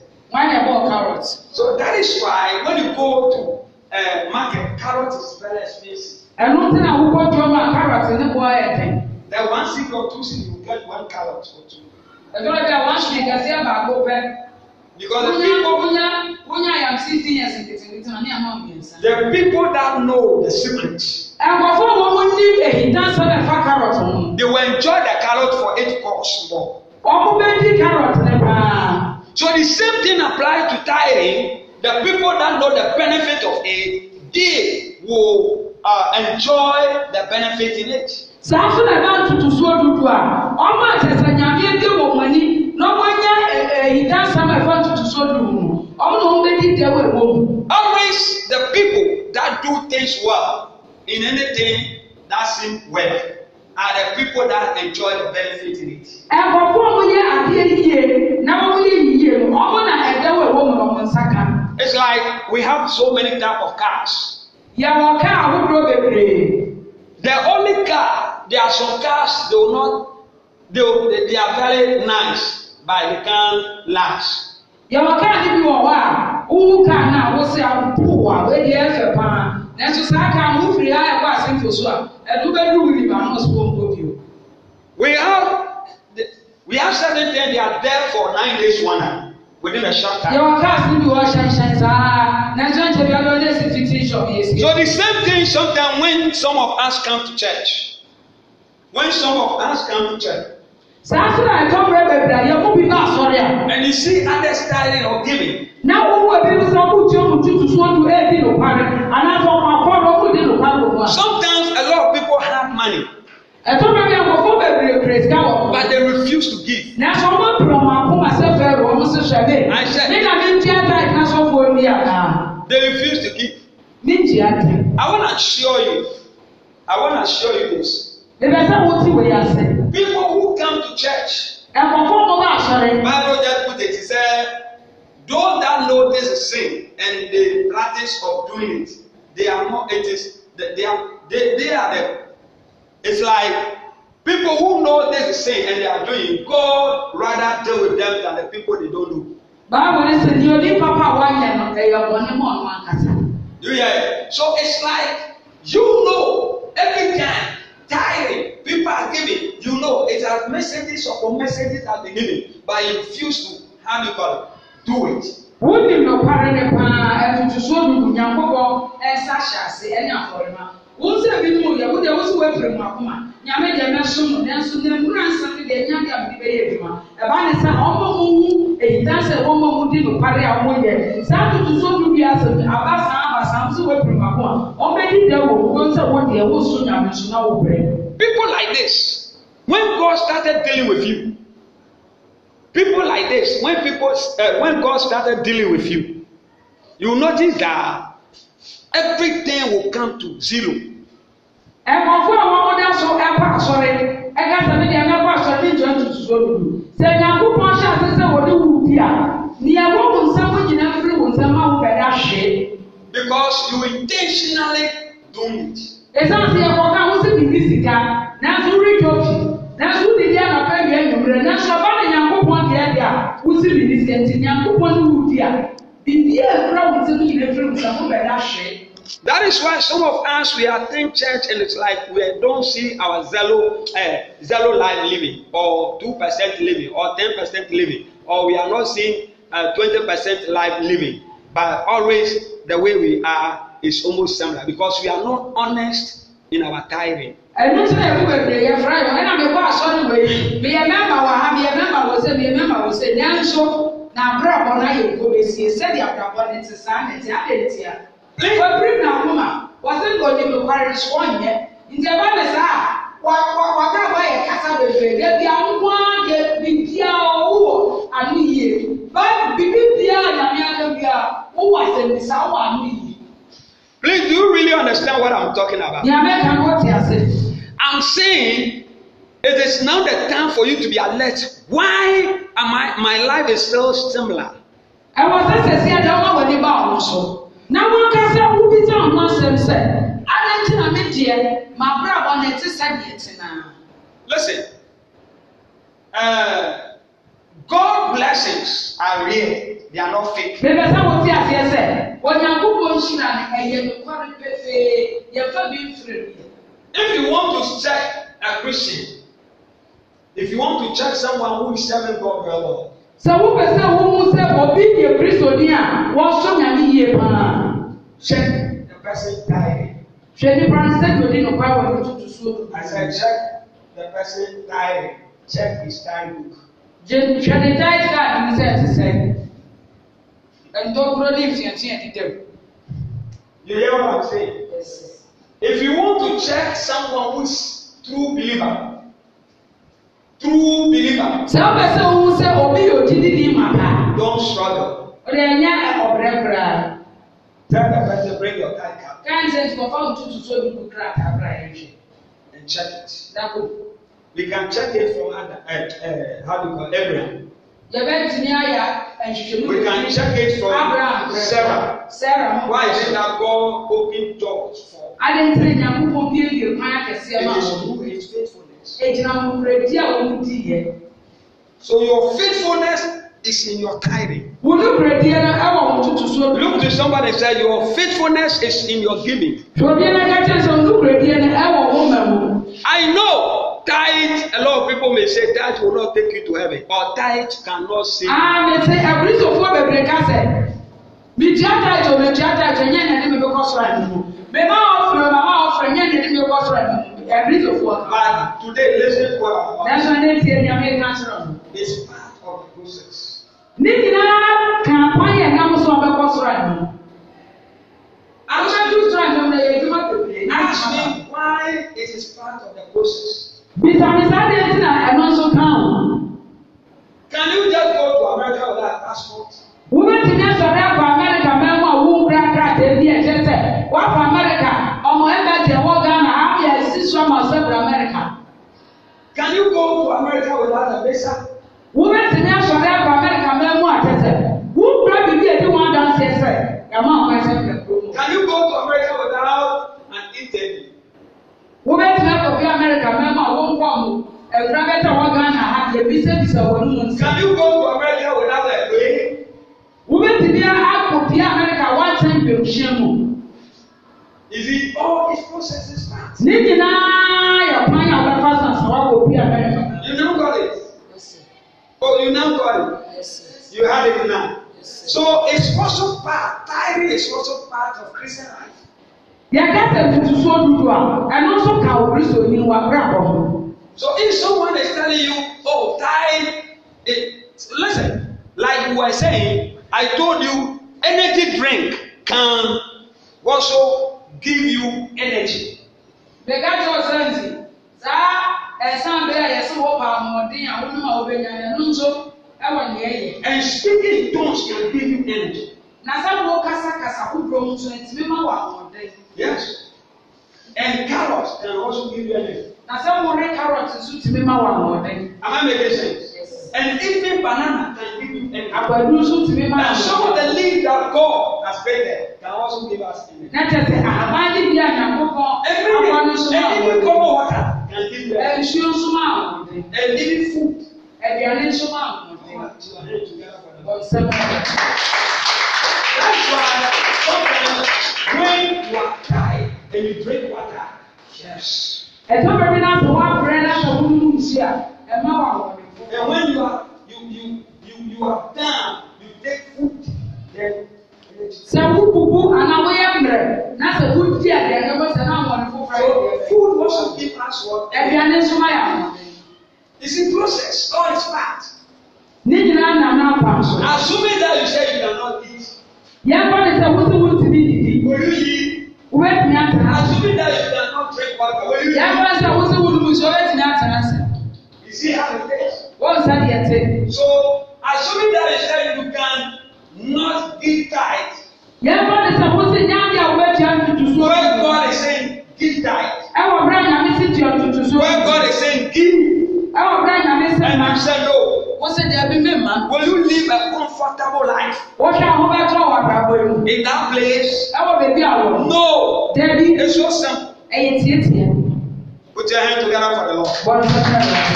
Why na bought carrots? So that is why when you go to uh, market, carrot is very expensive. Ẹnu tí na wúkọ́ jọ máa carrot ní bọ́ ẹ̀ tẹ̀. Then one seed or two seed you get one carrot for two. Ẹ̀dọ́ rẹ̀ bí àwọn aṣèlè kẹsí àbàkó pẹ́. Because the people. Wúnyá wúnyá yàm sí ti yẹn sì tètè ní tàn ní àmọ́ The people that know the secret. Ẹ̀kọ́fọ́ wọn mú ní èyí dáńsọ́ lẹ̀ fa carrot wọn. They will enjoy the carrot for eight course more. Ọmọ bẹ́ẹ̀ dín carrot ní So the same thing applies to tiring. The people that know the benefit of it, they will uh, enjoy the benefit in it. saa nso na ɛna ntutusuo dudu a ɔmo atɛtɛ nyame edi wɔ wɔn ani na ɔmo anya ɛyidansam a ɛfa ntutusuo dudu mu ɔmo na ɔmo bɛdi dɛw ɛwɔ mu. always the people that do things well in anything that seem well are the people that enjoy the benefit in it. Ẹ̀kọ̀fọ́ mu yẹ adeɛ yie na wɔn yɛ yie no wɔn na ɛdɛw ɛwɔ mu na It's like we have so many type of cars. Yẹ̀wọ̀ kaa ahodoɔ bebree. The only car there are some cars they will not they will, they are very nice but they can last. Yẹ̀wọ̀ kaa ni bi wɔ hɔ a, owó kaa na wosi apu wa, wéyìí ɛfɛ paa we have we have certain things they are there for nine days one hour within a short time. yẹwọ káàsì bi wọ ṣanṣan saa nanso ẹnjẹ bi ọdọ ọdẹ si fiti so the same thing sometimes when some of us come to church when some of us come to church saa so na ɛka mmerɛ bebree a yɛn mu bi ba and you see others tithing or giving. na wowu ebi nso na wotu ɔmu tutu so otu ebi nokware anaasɛ ɔmu akɔrɔ ɔmu di nokware wɔ hɔ. sometimes a lot of people have money. ɛtɔ bɛ bi akɔfo bebree pere sika wɔ hɔ. but they refuse to give. na sɔ ɔmu apere ɔmu akoma sɛ fɛrɛ ɔmu sɛ hwɛbe. I said. they refuse to give. mi ntua ta. assure you I want to assure you this. Ìbẹ̀sẹ̀ wo ti wòye ase? People who come to church. Ẹ̀kọ̀fọ́ tó bá aṣọre. Bible just put it, he said, those that know this sin and the practice of doing it, they are not, it is, they are, they, they are them. it's like people who know this sin and they are doing it, God rather deal with them than the people they don't know. Báwo ni sè ni oní pápá wa yẹ no ẹ̀yọ̀ bọ̀ ní mọ̀ ọ̀nà àkàtà. You hear? So it's like you know every time tiring. People are giving. You know, it has messages upon messages at the beginning, but you refuse to hand it back. Do it. Wonim nokware ne paa ɛtutusuo dudu nyankopɔ ɛsa hyɛ ase ɛne afɔrema. Wosɛ binom yɛ wode wosi wafiri mu akoma nyame deɛ mɛsom no nanso namura nsɛm no deɛ nyame a bɛyɛ adwuma ɛba ne sɛ ɔma mo hu ɛyita sɛ wɔma mo di nokware a moyɛ saa tutu so no bi asɛm aba saa aba saa nso wɔapiri ma ho a ɔmɛdi dɛ wɔ wɔn sɛ wɔdeɛ woso nyame so na wɔbrɛ people like this when god started dealing with you people like this when people uh, when god started dealing with you you notice that everything will come to zero nkurɔfoɔ a wɔn da so kɔ asɔre ɛka sɛ deɛ mɛkɔ asɔre ne nkyɛn tutu so dudu sɛ nyankopɔn hyɛ ase sɛ wɔde wu bi a nea ɛwɔ wɔn nsɛm firi wɔn nsɛm a because you intentionally ho sɛ sika di anapa ne deɛ deɛ a sika nti a a ekura wɔn nsɛm firi wɔn nsɛm That is why some of us we attend church and it's like we don't see our zero uh, eh, zero line living or two percent living or ten percent living or we are not seeing eh, twenty uh, percent life living but always the way we are is almost similar because we are not honest in our tithing. ẹnu tí náà ẹkú bebree yẹ fúra yọ ẹnna mi kọ asọrin wẹ mi yẹ mẹmba wà ha mi yẹ mẹmba wọ sẹ mi yẹ mẹmba wọ sẹ ní ẹnso na abúlé àbọ̀ náà yẹ kó bẹ si ẹ sẹ́ni àbúrò àbọ̀ ní ti sáà ní ti á lè ti à wɔpere na ho ma wɔse nka ɔde nokware nso ɔnyɛ nti ɛba ne saa wɔka bɔ yɛ kasa bebree deɛ bia nko ara deɛ bibia wowɔ ano yie ba bibi bia nyame aka bia wowɔ asɛmbisa wowɔ ano yie Please, do you really understand what I'm talking about? I'm saying it is now the time for you to be alert. Why am I my life is so similar? na wɔn kasa wobisa wɔn asɛm sɛ adan ti na mi deɛ ma abira wɔn na ɛte sɛ deɛ ti na. listen uh, God blessings are real they are not fake. bẹ́ẹ̀ sá wọ́n ti àfihàn sẹ́ ọ̀nyankúbọ̀ ń ṣe àná ẹ̀yẹ nìkọ́rẹ́ pẹ́fẹ́ yẹ fẹ́ bí n fèrè if you want to check a Christian if you want to check someone who is serving God well well. sɛ wọ́n pẹ̀ sẹ́ wọ́n mú sẹ́ obi yẹ kristu ni a wọ́n sọ nyàmé yie paa check the person diary. Hwɛ nipa sɛ toni nɔkwa wɔ ne tutu suo do. As I said check the person diary, check his time book. Gye hwɛ ne diary card ne sɛ ɛte sɛ ntɔkuro ne nfianfia deda mu. You hear what I'm saying? Yes. If you want to check someone who's true believer, true believer. Sɛ o bɛ sɛ o sɛ obi yɛ ojidi ni ma Don't struggle. O de ɛ nya ɛ ɔbrɛbrɛ. Tell the person, bring your card card. Kan sɛ nkɔfɔ ntutu so bi ko kra kakra yɛ hwɛ. And check it. That Dako. We can check it from under. uh, eh, uh, eh, how do you call it, Abraham. Yɛbɛ ntumi ayɛ nhwehwɛmu. We can check it from Abraham. Sarah. Sarah. Why is it that God opened doors for? Adentire Nyankopɔn bie bie kwan akɛseɛ ma wɔn. It is through his faithfulness. Egyina nwuredi a wɔn di yɛ. So your faithfulness is in your tithing. Look to somebody and say, Your faithfulness is in your giving. I know tithe, a lot of people may say that will not take you to heaven, but tithe cannot save you. Mìtì àtàjọ mìtì àtàjọ nyẹ́ ní ẹni mi kọ́ sọ̀rọ̀ ẹ̀mí mu. Mẹ̀má ọ̀fọ̀rọ̀ mẹ̀má ọ̀fọ̀rọ̀ nyẹ́ ní ẹni mi kọ́ sọ̀rọ̀ ẹ̀mí mu. Ẹ̀mí tó fọ̀. Báyìí today lesson for our. Lẹ́sọ̀ ní ti ẹni àmì ẹ̀ka sọ̀rọ̀ ne nyinaa kan kwan yɛ nam so ɔbɛkɔ soro ani ahyɛnju soro ani na yɛ adwuma bebree na akyerɛ why it is part of the process. bisamisa de ti na ɛno nso kan o. can you just go to America without passport. wobɛtumi asɔre akɔ America mɛmo a wo nkura krataa bi ɛkyɛ sɛ wakɔ America ɔmo ɛmɛ deɛ wɔ Ghana ayɛ sisi ɔmo asɛ bra America. can you go to America without a visa wobɛtumi asɔre akɔ amɛrika mɛ mu atɛtɛ wukura bibi edi wɔn adansi sɛ yamma wɔn ɛsɛ fɛ kurom. Can you go to America without an interview? wobɛtumi akɔfi amɛrika mɛ mu a wɔn kɔ mu ɛwura bɛtɛ wɔ Ghana ha yɛbisabisa wɔn mu nsa. Can you go to America without a plane? wobɛtumi akɔfi amɛrika wɔnkyɛn bɛnhyɛn mu. Is it all these processes part? Ne nyinaa yɛ pa. Oh, you now got it. Yes, yes. You had it now. Yes, so it's also part, tithing is also part of Christian life. Yàgàtà tuntun so dudu a, ẹnu nso ka òkúrìsì òní wà pẹ́ àbọ̀. So if someone is telling you, oh, tithe, it, listen, like we were saying, I told you, energy drink can also give you energy. Bẹ̀gá tí o sẹ́yìn sí, sáà ɛsan bɛyɛ a yɛsɛ wɔ pa a wɔn a wɔbɛnya yɛn nso ɛwɔ nea ɛyɛ. and speaking in tongues can give you energy. na sábà wɔ kasakasa ahodoɔ nso ntumi ma wɔ ahoɔden. yes and carrots can also give you energy. na sábà wɔre carrot nso ntumi ma wɔ ahoɔden. am I making sense. Yes. And even banana can give you energy. Àgbàdo And some of the leaves that God has created can also give us energy. N'ẹ̀tẹ̀tẹ̀ àbájáde bí àyànkó kan. Every day, every day, common water. Nsuo nso ma ahoɔden. Ɛdini fu. Ɛdiani nso ma ahoɔden. Ɔnsɛm ɔbɛ. That's why sometimes when you are tired and you drink water. Yes. And bẹ̀rẹ̀ náà sọ wá bẹ̀rẹ̀ náà sọ fún mímú sí à. Ẹ má And when you are you you you you are down you take food then. Sẹ́kù bubu àná wọ́yẹ̀ mìrẹ̀ náà sẹ́kù díẹ̀ díẹ̀ ẹ̀ wọ́n sẹ́ náà wọ̀nyí fún. Friday. Food also give us what? Aduane nso ma yà wọ́n. It's a process. All is part. Ne nyinaa na na apa so. Assuming that you say you are not eat. Yẹn kọ́ ni sẹ́ wọ́n ti wọ́n ti mi dìdí. Wòlú yìí. Wọ́n ti ní ata. Assuming that you are not drink water. Wòlú yìí. Yẹn kọ́ ni sẹ́ wọ́n ti wọ́n ti mi sọ wọ́n ti ní ata náà sẹ́. You see how it is. Wọ́n sá di ẹ̀tẹ́. So assuming that you say you can not give tithe. Yẹn kọ́ ni sẹ́ wọ́n ti ní ata wọ́n ti ní ata give tithe. where God is saying give. ẹwọ bẹrẹ nyame and you say no. wọ́n sẹ́ di ẹbí mi ma. will you live a comfortable life. wọ́n ṣe àwọn bẹ́ẹ̀ in that place. no. It's èso sàn. put your hand together for the Lord. bọ́lá bọ́lá bọ́lá.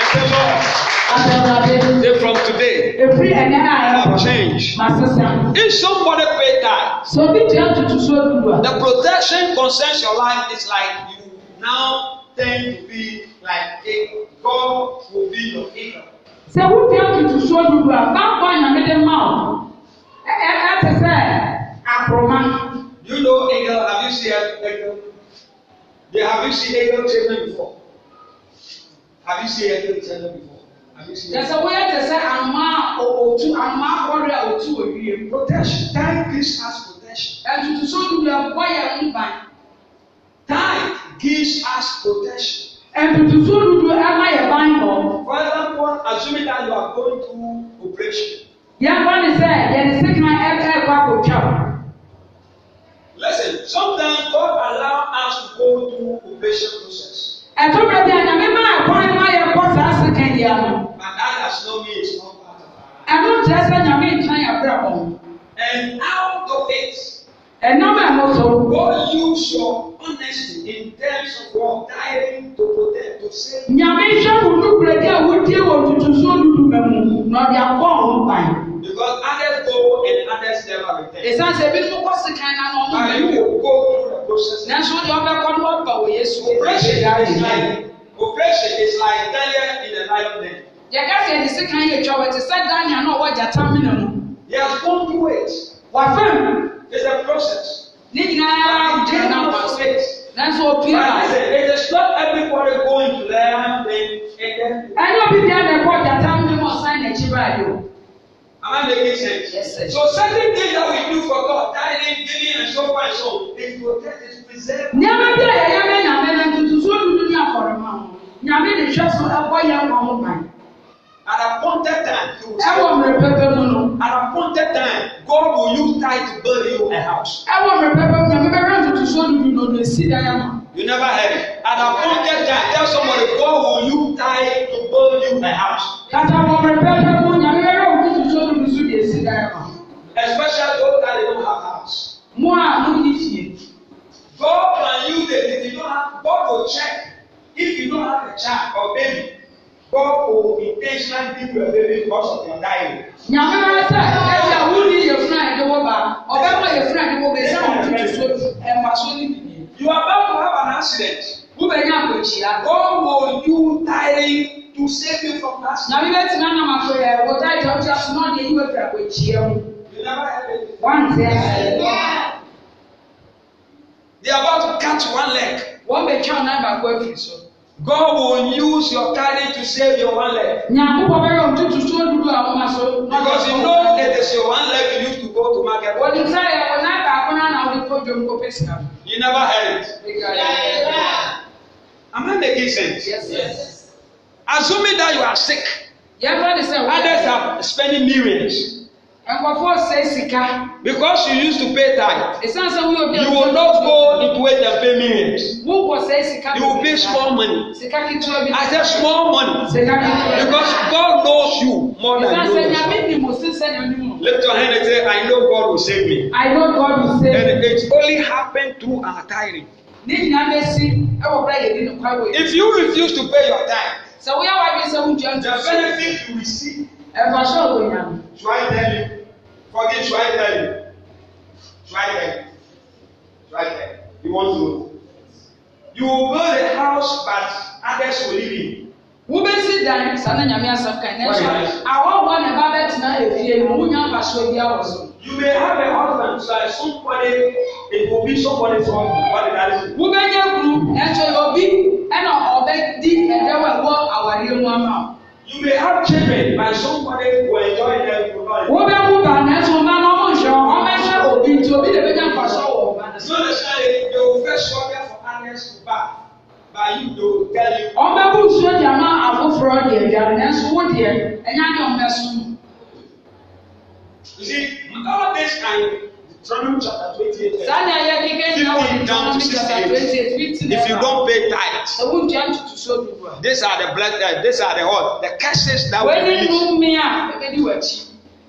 ẹ fẹ́ bọ́ọ̀. Say from today, have changed. If somebody pay that, the protection concerns your life is like you now tend to be like a God will be your income. sɛ wotu atutu suo dudu a báwo anyamede ma o ɛ ɛ te sɛ akoroma. you know eagle have you seen eagle yeah, have you seen eagle trainer before have you seen eagle trainer before kyerɛsɛ wɔyɛ te sɛ ama otu ama akɔre a otu owie. protection time gives us protection. ɛtutuso nua bɔ yɛn ban. time gives us protection. ɛtutuso nua ɛma yɛ ban bɔ. for example assuming that you are going through operation. yɛn bɔ ne sɛ yɛn se kan ɛbɛ ɛkɔ akotwa. Listen, sometimes God allow us to go through operation process ɛtɔbrɛ bi a nyame maa kwan no ayɛ kɔ saa sika yi ano ɛno kyerɛ sɛ nyame nkyɛn yɛ brɛ bɔ And out of it, ɛnam a ɛmo so. God use your honesty in terms of to protect a wotie mu na ɔde akɔ ɔmo ban. Because others go and others never return. Esan sɛ ebinom kɔ sikan na ɔmo bɛ Are you go through the process. Nanso ɔdi ɔbɛ kɔ no ɔba wɔ Yesu. Operation is like operation is like Daniel in the lion den. Yɛka sɛ ɛdi sikan yɛ twɛ wɔ te sɛ Daniel na ɔwɔ gyata mina mu. He has gone through it. Wafɛn. It's a process. Ne nyinaa di na wa so. Nanso opie ba. It is not everybody going to learn things. Ɛnyɛ obi bi a na ɛkɔ gyata mina mu ɔsan n'akyi o. Am I making sense? Yes, sir. So certain things that we do for God, tithing, giving, and so on and so, it protects, it preserves. Nneɛma bi a yɛyɛ bɛ nyame na ntutusuo dudu ne afɔrɔma ho nyame ne hwɛ so ɛbɔ yɛn wɔn ho ban. At a appointed time, you will see. Ẹwọ mìíràn pẹpẹ mu no. At a appointed time, God will use time to build you a house. Ẹwọ mìíràn pẹpẹ mu nyame bẹbẹ ntutusuo dudu na ọdún esi dan yẹn You never heard it. At a appointed time, tell somebody God will use time to build you a house. Kàtà wọ̀ mìíràn pẹpẹ mu. mo a mo ní fìyè. God can use it if you don't have God go check if you don't have a child or baby God go intentionally give you a baby because of your diet. Nyàmú ẹsẹ̀ ẹsẹ̀ àwọn ní yẹ fún àyè bá ọbẹ̀ mọ̀ yẹ fún àyè wọ bá ẹsẹ̀ àwọn so ẹ̀ máa so níbi yìí. You are about to have an accident. Wúbẹ̀ ní àpòjìyà. God will use tiring to save you from that. Na bíbẹ́ tí náà máa fẹ́ ẹ̀ wọ́n táyì tó ń ṣe ní ìwé ìfẹ́ àpòjìyà mu. You never heard it. Wọ́n ń tẹ́ They are about to catch one leg. Wọ́n bẹ̀ kí ọ̀nà àgbàgbọ́ ẹ̀fì sọ. God will use your carry to save your one leg. Nyàkúbọ̀ bẹ̀rẹ̀ òtútù sí òdúdú àwọn máa sọ. Because you know that is your one leg you need to go to market. Wọ́n ti sáré ọ̀nà àgbàgbọ́ náà náà wọ́n ti kó jòun kó pèsè náà. You never heard it. Am I making sense? Yes. yes. Assuming that you are sick. Yẹ́n bá ní sẹ́wọ̀n. Others are spending millions. Nkurɔfoɔ sɛ sika. Because you used to pay tithe. Esan sɛ wo yɛ obi a. You will not go into it they pay millions. Wo kɔ sɛ sika. You will pay small money. Sika ketewa bi. I said small money. Sika ketewa. Because God knows you more than you know yourself. Esan sɛ nyame ni mo sin sɛ nyame mo. Lift your hand and say I know God will save me. I know God will save me. And it only happened through our tithing. Ne nyinaa si ɛwɔ bɛrɛ yɛ di ne kwa wɔ If you refuse to pay your tithe. Sɛ wa bi sɛ wo jɛ n The benefit you receive ẹ̀fọ́ sọ̀rọ̀ ìyá mi. Should I tell you? Forget should I tell you? Should I tell you? Should I tell you? You want to know? You will build a house but others will live in. Wobɛsi dan sanni nyame asɛm kan na nso awɔwɔ ne ba bɛtena efie na wonya e abasuo bi awɔ so. You may have a husband so like somebody it will be somebody from what it is. Wobɛnya kuru ɛnso e e obi ɛna ɔbɛdi ɛdɛwɔ ɛwɔ awareɛ mu ama. You may have children, but somebody will enjoy them for life. Wọ́n bẹ kú bá nẹ́sùn náà ní ọmọ ìṣẹ́ wọn, ọmọ ẹ̀ṣẹ́ òbí tí òbí lè fi jẹ́ nfàṣọ wọ̀ ọ̀gá. So they say they will first struggle for honest to back. Ọbẹ̀ bú nsuo di ama afoforọ di ẹ̀dá nẹ́sùn wọ́n di ẹ̀ ẹ̀yá ni ọ̀mẹ́sùn. You see, all this time. Sani ayé kíkẹ́ ní àwọn down to sixty eight. If you don't pay tithe. Ewu jẹ́ ntutu so dubu a. These are the blood. uh, these are the what the curses that will be. Wẹ́n nínú mi a, gẹ́gẹ́ bí wọ́n ẹ̀kí.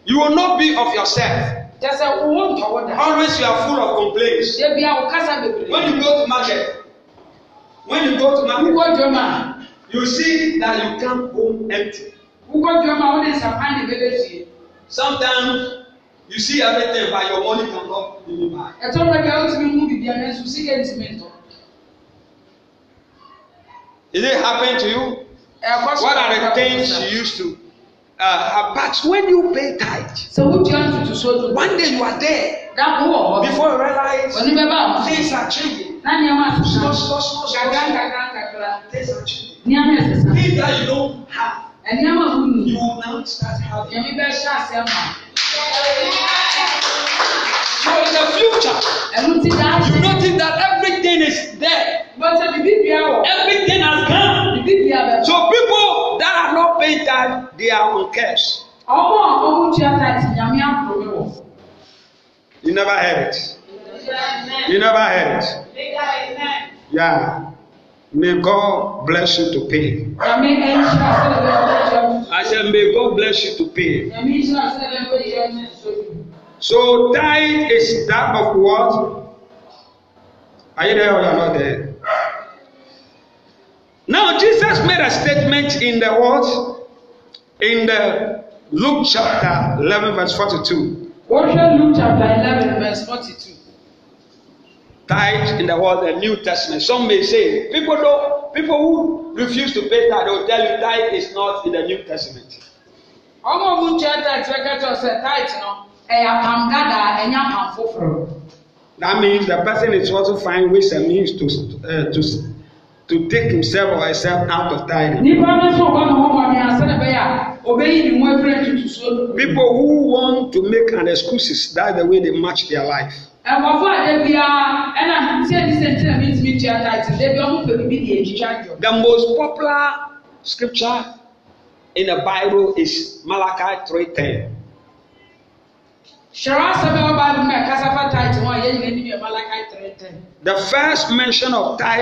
You will not be of yourself. Jẹ́sẹ̀ owó ntọ́wọ́ dà. Always you are full of complaints. Ṣebí àwọn kásá bèbèrè. When you go to market, when you go to market. Wúkọ́ jọma. You see that you come home empty. Wúkọ́ jọma, ó lè sàpá ní bẹ́lẹ̀ sí. Sometimes. You see everything by your money cannot be buy. Ẹ̀tọ́ rẹ̀ kí a ó ti fi mú bìbí ẹ̀rẹ́ sùn sí kẹ́ntì mẹ́tọ̀. Did it happen to you? Ẹ̀kọ́ sọ̀rọ̀ What are the things you used to? Uh, but when you pay tithe. So who joined you to sow to? One day you are there. Dàpọ̀ wọ̀ wọ́. Before you realize. Oníbẹ̀ bá wọn. Things are changing. Náni ẹ̀ máa tún náà. Small small small small. Gàgá gàgá gàgá. Things are changing. Ní àmì ẹ̀sẹ̀ sá. Things that you don't have. Ẹ̀ní àmà wù mí. You will now start having. Èmi bẹ́ẹ̀ ṣáà sẹ́ mọ̀. You are the future. You notice that everything is there. Everything has come. So people that are not paying time, they are on cash. You never heard it. You never heard it. Yeah. May God bless you to pay. I said, May God bless you to pay. So tithe is that of what? Are you there or you not there? Now Jesus made a statement in the what? In the Luke chapter 11 verse 42. What Luke chapter 11 verse 42? tithe in the world, the New Testament. Some may say people don't. people who refuse to pay tithe, they will tell you tithe is not in the New Testament. ọmọ ogun tí ẹ tithe fẹ́ kẹ́tọ̀ sẹ tithe nọ ẹ pam dada ẹ pam foforo. That means the person is also find ways and means to uh, to to take himself or herself out of tithing. Nípa bí sọ wà ní wọ́n wà ní asẹ́nà yà, òbẹ́ yìí ni wọ́n fẹ́rẹ̀ tutù so. People who want to make an excuse that's the way they match their life nkɔfo a de biara ɛna sɛ ni sɛ ntina mi ntumi tia taati de bi ɔmo pɛ bibi de etwitwa jɔ. the most popular scripture in the bible is malachi three ten. Shara Samuel Bible, Kassafa title, one, yeah, you Malachi 3:10. The first mention of tithe